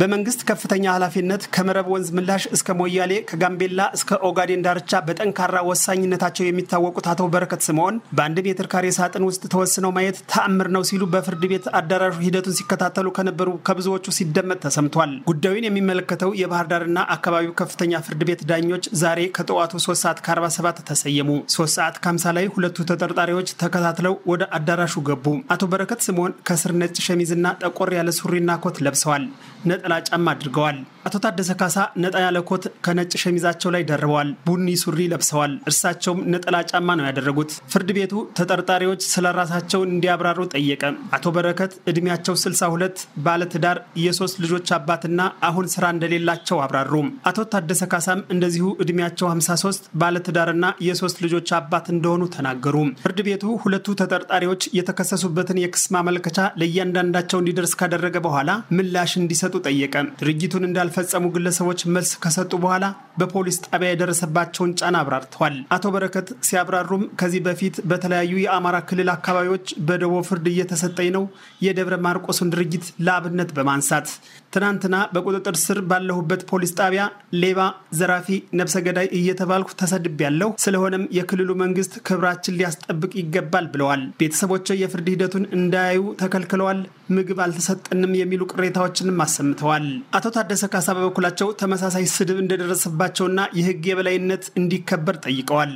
በመንግስት ከፍተኛ ኃላፊነት ከመረብ ወንዝ ምላሽ እስከ ሞያሌ ከጋምቤላ እስከ ኦጋዴን ዳርቻ በጠንካራ ወሳኝነታቸው የሚታወቁት አቶ በረከት ስምዖን በአንድ ሜትር ካሬ ሳጥን ውስጥ ተወስነው ማየት ተአምር ነው ሲሉ በፍርድ ቤት አዳራሹ ሂደቱን ሲከታተሉ ከነበሩ ከብዙዎቹ ሲደመጥ ተሰምቷል። ጉዳዩን የሚመለከተው የባህር ዳርና አካባቢው ከፍተኛ ፍርድ ቤት ዳኞች ዛሬ ከጠዋቱ 3 ሰዓት ከ47 ተሰየሙ። 3 ሰዓት ከ50 ላይ ሁለቱ ተጠርጣሪዎች ተከታትለው ወደ አዳራሹ ገቡ። አቶ በረከት ስምዖን ከስር ነጭ ሸሚዝና ጠቆር ያለ ሱሪና ኮት ለብሰዋል። ነጠላ ጫማ አድርገዋል። አቶ ታደሰ ካሳ ነጣ ያለ ኮት ከነጭ ሸሚዛቸው ላይ ደርበዋል። ቡኒ ሱሪ ለብሰዋል። እርሳቸውም ነጠላ ጫማ ነው ያደረጉት። ፍርድ ቤቱ ተጠርጣሪዎች ስለ ራሳቸው እንዲያብራሩ ጠየቀ። አቶ በረከት እድሜያቸው 62 ባለትዳር የሶስት ልጆች አባትና አሁን ስራ እንደሌላቸው አብራሩ። አቶ ታደሰ ካሳም እንደዚሁ እድሜያቸው 53 ባለትዳርና የሶስት ልጆች አባት እንደሆኑ ተናገሩ። ፍርድ ቤቱ ሁለቱ ተጠርጣሪዎች የተከሰሱበትን የክስ ማመልከቻ ለእያንዳንዳቸው እንዲደርስ ካደረገ በኋላ ምላሽ እንዲሰጡ ጠየቀ። ድርጊቱን እንዳል ያልፈጸሙ ግለሰቦች መልስ ከሰጡ በኋላ በፖሊስ ጣቢያ የደረሰባቸውን ጫና አብራርተዋል። አቶ በረከት ሲያብራሩም ከዚህ በፊት በተለያዩ የአማራ ክልል አካባቢዎች በደቦ ፍርድ እየተሰጠኝ ነው የደብረ ማርቆስን ድርጊት ለአብነት በማንሳት ትናንትና በቁጥጥር ስር ባለሁበት ፖሊስ ጣቢያ ሌባ፣ ዘራፊ፣ ነብሰ ገዳይ እየተባልኩ ያለሁ። ስለሆነም የክልሉ መንግስት ክብራችን ሊያስጠብቅ ይገባል ብለዋል። ቤተሰቦቼ የፍርድ ሂደቱን እንዳያዩ ተከልክለዋል። ምግብ አልተሰጠንም የሚሉ ቅሬታዎችንም አሰምተዋል። አቶ ታደሰ ካሳ በበኩላቸው ተመሳሳይ ስድብ እንደደረሰባቸውና የህግ የበላይነት እንዲከበር ጠይቀዋል።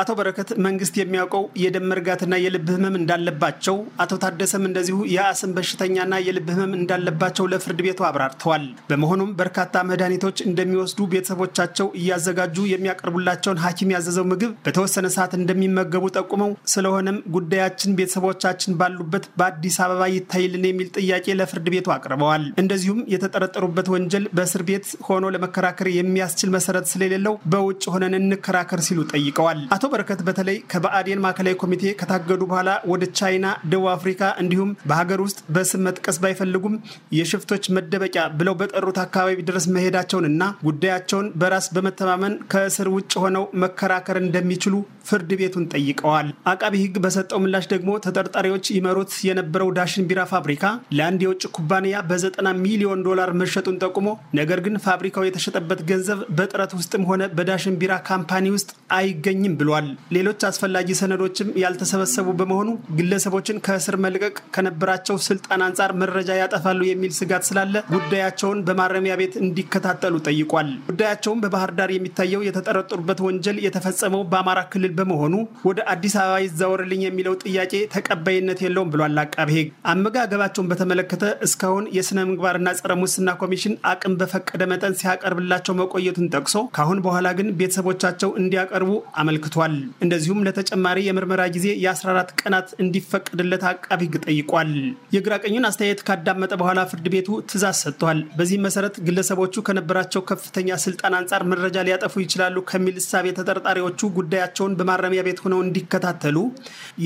አቶ በረከት መንግስት የሚያውቀው የደም መርጋትና የልብ ህመም እንዳለባቸው፣ አቶ ታደሰም እንደዚሁ የአስም በሽተኛና የልብ ህመም እንዳለባቸው ለፍርድ ቤቱ አብራርተዋል። በመሆኑም በርካታ መድኃኒቶች እንደሚወስዱ ቤተሰቦቻቸው እያዘጋጁ የሚያቀርቡላቸውን ሐኪም ያዘዘው ምግብ በተወሰነ ሰዓት እንደሚመገቡ ጠቁመው ስለሆነም ጉዳያችን ቤተሰቦቻችን ባሉበት በአዲስ አበባ ይታይልን የሚል ጥያቄ ለፍርድ ቤቱ አቅርበዋል። እንደዚሁም የተጠረጠሩበት ወንጀል በእስር ቤት ሆኖ ለመከራከር የሚያስችል መሰረት ስለሌለው በውጭ ሆነን እንከራከር ሲሉ ጠይቀዋል። አቶ በረከት በተለይ ከብአዴን ማዕከላዊ ኮሚቴ ከታገዱ በኋላ ወደ ቻይና፣ ደቡብ አፍሪካ እንዲሁም በሀገር ውስጥ በስም መጥቀስ ባይፈልጉም የሽፍቶች መደበቂያ ብለው በጠሩት አካባቢ ድረስ መሄዳቸውን እና ጉዳያቸውን በራስ በመተማመን ከእስር ውጭ ሆነው መከራከር እንደሚችሉ ፍርድ ቤቱን ጠይቀዋል። አቃቢ ሕግ በሰጠው ምላሽ ደግሞ ተጠርጣሪዎች ይመሩት የነበረው ዳሽን ቢራ ፋብሪካ ለአንድ የውጭ ኩባንያ በዘጠና ሚሊዮን ዶላር መሸጡን ጠቁሞ ነገር ግን ፋብሪካው የተሸጠበት ገንዘብ በጥረት ውስጥም ሆነ በዳሽን ቢራ ካምፓኒ ውስጥ አይገኝም ብሎ ብሏል። ሌሎች አስፈላጊ ሰነዶችም ያልተሰበሰቡ በመሆኑ ግለሰቦችን ከእስር መልቀቅ ከነበራቸው ስልጣን አንጻር መረጃ ያጠፋሉ የሚል ስጋት ስላለ ጉዳያቸውን በማረሚያ ቤት እንዲከታተሉ ጠይቋል። ጉዳያቸውም በባህር ዳር የሚታየው የተጠረጠሩበት ወንጀል የተፈጸመው በአማራ ክልል በመሆኑ ወደ አዲስ አበባ ይዛወርልኝ የሚለው ጥያቄ ተቀባይነት የለውም ብሏል አቃቤ ሕግ። አመጋገባቸውን በተመለከተ እስካሁን የስነ ምግባርና ጸረ ሙስና ኮሚሽን አቅም በፈቀደ መጠን ሲያቀርብላቸው መቆየቱን ጠቅሶ ከአሁን በኋላ ግን ቤተሰቦቻቸው እንዲያቀርቡ አመልክቷል። አመልክቷል። እንደዚሁም ለተጨማሪ የምርመራ ጊዜ የ14 ቀናት እንዲፈቅድለት አቃቢ ሕግ ጠይቋል። የግራ ቀኙን አስተያየት ካዳመጠ በኋላ ፍርድ ቤቱ ትእዛዝ ሰጥቷል። በዚህም መሰረት ግለሰቦቹ ከነበራቸው ከፍተኛ ስልጣን አንጻር መረጃ ሊያጠፉ ይችላሉ ከሚል እሳቤ ተጠርጣሪዎቹ ጉዳያቸውን በማረሚያ ቤት ሆነው እንዲከታተሉ፣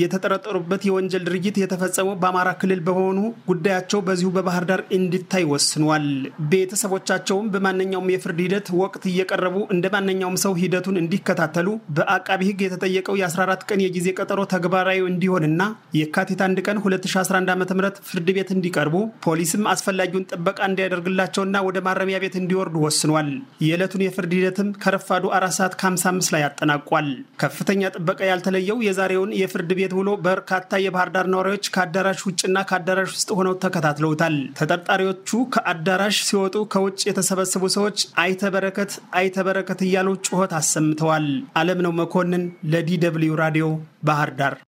የተጠረጠሩበት የወንጀል ድርጊት የተፈጸመው በአማራ ክልል በመሆኑ ጉዳያቸው በዚሁ በባህር ዳር እንዲታይ ወስኗል። ቤተሰቦቻቸውም በማንኛውም የፍርድ ሂደት ወቅት እየቀረቡ እንደ ማንኛውም ሰው ሂደቱን እንዲከታተሉ በአቃ አቃቢ ህግ የተጠየቀው የ14 ቀን የጊዜ ቀጠሮ ተግባራዊ እንዲሆንና የካቲት አንድ ቀን 2011 ዓ ም ፍርድ ቤት እንዲቀርቡ ፖሊስም አስፈላጊውን ጥበቃ እንዲያደርግላቸውና ወደ ማረሚያ ቤት እንዲወርዱ ወስኗል። የዕለቱን የፍርድ ሂደትም ከረፋዱ 4 ሰዓት ከ55 ላይ አጠናቋል። ከፍተኛ ጥበቃ ያልተለየው የዛሬውን የፍርድ ቤት ውሎ በርካታ የባህር ዳር ነዋሪዎች ከአዳራሽ ውጭና ከአዳራሽ ውስጥ ሆነው ተከታትለውታል። ተጠርጣሪዎቹ ከአዳራሽ ሲወጡ ከውጭ የተሰበሰቡ ሰዎች አይተ በረከት አይተ በረከት እያሉ ጩኸት አሰምተዋል። አለም ነው መኮ መኮንን ለዲ ደብልዩ ራዲዮ ባህር ዳር